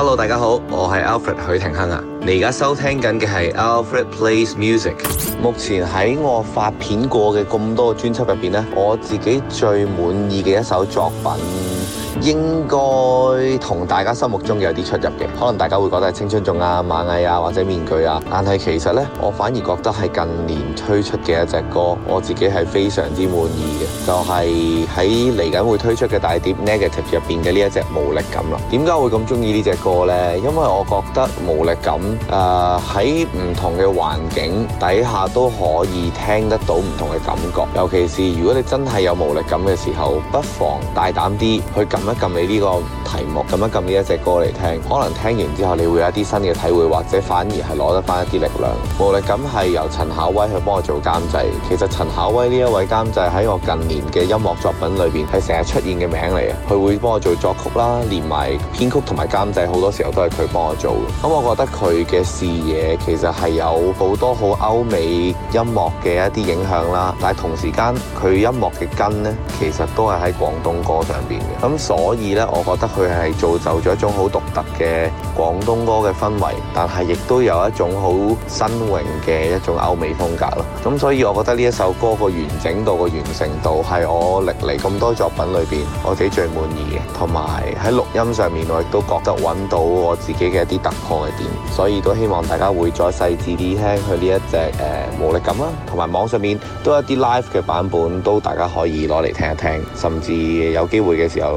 Hello，大家好，我係 Alfred 許廷鏗啊！你而家收聽緊嘅係 Alfred Plays Music。目前喺我發片過嘅咁多專輯入面咧，我自己最滿意嘅一首作品。應該同大家心目中嘅有啲出入嘅，可能大家會覺得係青春頌啊、螞蟻啊或者面具啊，但係其實呢，我反而覺得係近年推出嘅一隻歌，我自己係非常之滿意嘅，就係喺嚟緊會推出嘅大碟《Negative》入邊嘅呢一隻無力感啦。點解會咁中意呢隻歌呢？因為我覺得無力感誒喺唔同嘅環境底下都可以聽得到唔同嘅感覺，尤其是如果你真係有無力感嘅時候，不妨大膽啲去。咁樣撳你呢個題目，咁樣撳呢一隻歌嚟聽，可能聽完之後你會有一啲新嘅體會，或者反而係攞得翻一啲力量。無論咁係由陳巧威去幫我做監製，其實陳巧威呢一位監製喺我近年嘅音樂作品裏邊係成日出現嘅名嚟啊！佢會幫我做作曲啦，連埋編曲同埋監製，好多時候都係佢幫我做。咁我覺得佢嘅視野其實係有好多好歐美音樂嘅一啲影響啦，但係同時間佢音樂嘅根呢，其實都係喺廣東歌上邊嘅。咁所以咧，我覺得佢係造就咗一種好獨特嘅廣東歌嘅氛圍，但係亦都有一種好新穎嘅一種歐美風格咯。咁所以，我覺得呢一首歌個完整度、個完成度係我歷嚟咁多作品裏邊我自己最滿意嘅，同埋喺錄音上面，我亦都覺得揾到我自己嘅一啲突破嘅點。所以都希望大家會再細緻啲聽佢呢一隻誒、呃、無力感啦、啊，同埋網上面都有啲 live 嘅版本都大家可以攞嚟聽一聽，甚至有機會嘅時候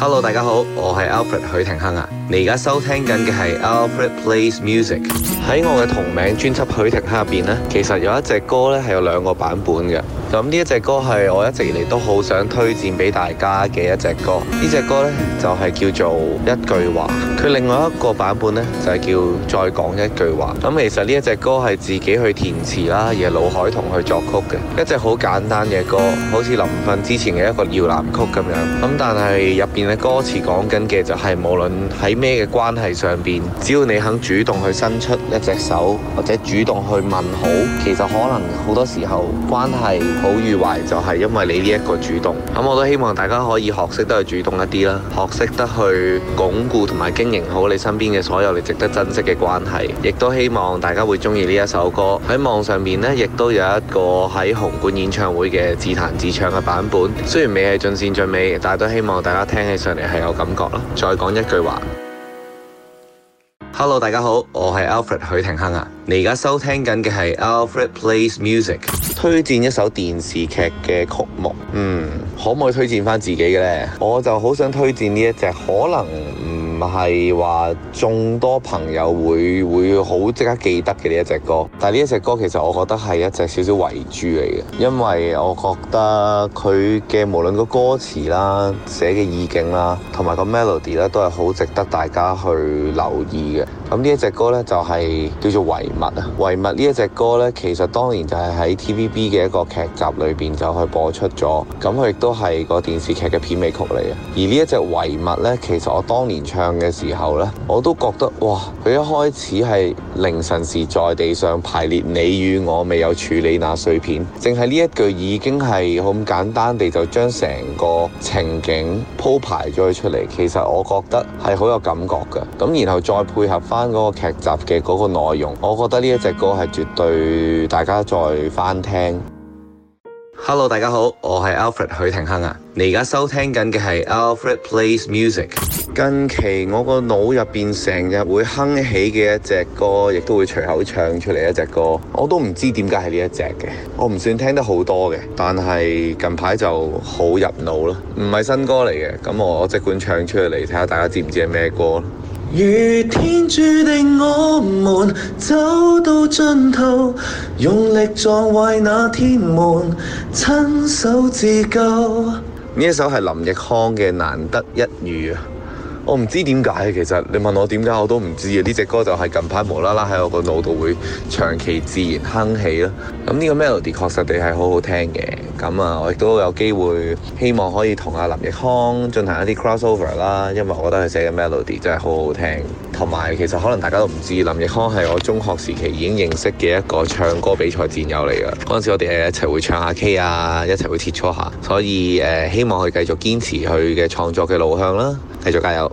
Hello，大家好，我係 Alfred 許廷鏗啊！你而家收聽緊嘅係 Alfred Plays Music。喺我嘅同名專輯《許廷鏗》入邊呢，其實有一隻歌咧，係有兩個版本嘅。咁呢一隻歌係我一直嚟都好想推薦俾大家嘅一隻歌。歌呢隻歌咧就係、是、叫做一句話。佢另外一個版本咧就係、是、叫再講一句話。咁其實呢一隻歌係自己去填詞啦，而係老海同佢作曲嘅。一隻好簡單嘅歌，好似臨瞓之前嘅一個搖籃曲咁樣。咁但係入邊。嘅歌詞講緊嘅就係、是、無論喺咩嘅關係上邊，只要你肯主動去伸出一隻手，或者主動去問好，其實可能好多時候關係好與壞就係、是、因為你呢一個主動。咁、嗯、我都希望大家可以學識得去主動一啲啦，學識得去鞏固同埋經營好你身邊嘅所有你值得珍惜嘅關係。亦都希望大家會中意呢一首歌，喺網上面呢，亦都有一個喺紅館演唱會嘅自彈自唱嘅版本。雖然未係盡善盡美，但係都希望大家聽起上嚟係有感覺啦，再講一句話。Hello，大家好，我係 Alfred 許廷鏗啊。你而家收聽緊嘅係 Alfred Plays Music。推薦一首電視劇嘅曲目，嗯，可唔可以推薦返自己嘅咧？我就好想推薦呢一隻，可能。唔係話眾多朋友會會好即刻記得嘅呢一隻歌，但係呢一隻歌其實我覺得係一隻少少遺珠嚟嘅，因為我覺得佢嘅無論個歌詞啦、寫嘅意境啦，同埋個 melody 咧，都係好值得大家去留意嘅。咁呢一隻歌呢，就係叫做《遺物》啊，《遺物》呢一隻歌呢，其實當年就係喺 TVB 嘅一個劇集裏邊就去播出咗，咁佢亦都係個電視劇嘅片尾曲嚟啊。而呢一隻《遺物》呢，其實我當年唱嘅時候呢，我都覺得哇，佢一開始係凌晨時在地上排列，你與我未有處理那碎片，淨係呢一句已經係好簡單地就將成個情景鋪排咗佢出嚟。其實我覺得係好有感覺嘅。咁然後再配合翻。翻嗰個劇集嘅嗰個內容，我覺得呢一隻歌係絕對大家再翻聽。Hello，大家好，我係 Alfred 許廷鏗啊。你而家收聽緊嘅係 Alfred Plays Music。近期我個腦入邊成日會哼起嘅一隻歌，亦都會隨口唱出嚟一隻歌。我都唔知點解係呢一隻嘅，我唔算聽得好多嘅，但係近排就好入腦咯。唔係新歌嚟嘅，咁我我即管唱出嚟睇下大家知唔知係咩歌。如天注定我們走到盡頭，用力撞壞那天門，親手自救。呢一首係林奕匡嘅《難得一遇》啊。我唔知點解其實你問我點解我都唔知啊。呢隻歌就係近排無啦啦喺我個腦度會長期自然哼起咯。咁呢個 melody 確實地係好好聽嘅。咁啊，我亦都有機會希望可以同阿林奕匡進行一啲 crossover 啦，因為我覺得佢寫嘅 melody 真係好好聽。同埋其實可能大家都唔知，林奕匡係我中學時期已經認識嘅一個唱歌比賽戰友嚟噶。嗰陣時我哋係一齊會唱下 K 啊，一齊會切磋下。所以誒、呃，希望佢繼續堅持佢嘅創作嘅路向啦，繼續加油。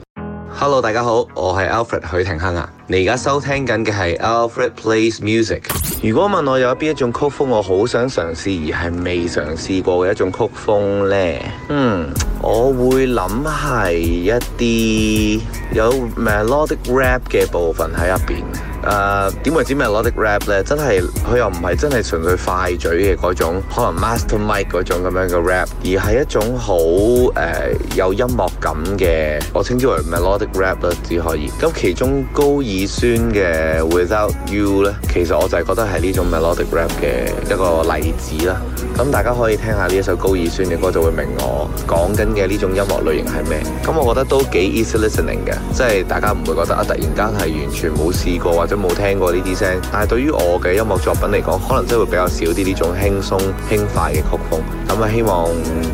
Hello，大家好，我係 Alfred 許廷鏗啊！你而家收聽緊嘅係 Alfred Plays Music。如果問我有邊一種曲風我好想嘗試而係未嘗試過嘅一種曲風咧，嗯，我會諗係一啲有 melodic rap 嘅部分喺入邊。誒點為之 melodic rap 咧？真係佢又唔係真係純粹快嘴嘅種可能 Master Mike 嗰種咁樣嘅 rap，而係一種好誒、uh，有音樂感嘅，我稱之為 melodic rap 啦，只可以。咁其中高爾宣嘅 Without You 咧，其實我就係覺得係呢種 melodic rap 嘅一個例子啦。咁大家可以聽下呢一首高爾宣嘅歌，就會明我講緊嘅呢種音樂類型係咩？咁我覺得都幾 easy listening 嘅，即係大家唔會覺得啊，突然間係完全冇試過或者。都冇聽過呢啲聲，但係對於我嘅音樂作品嚟講，可能真的會比較少啲呢種輕鬆輕快嘅曲風。咁、嗯、啊，希望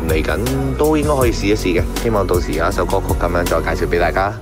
嚟緊都應該可以試一試嘅，希望到時有一首歌曲咁樣再介紹俾大家。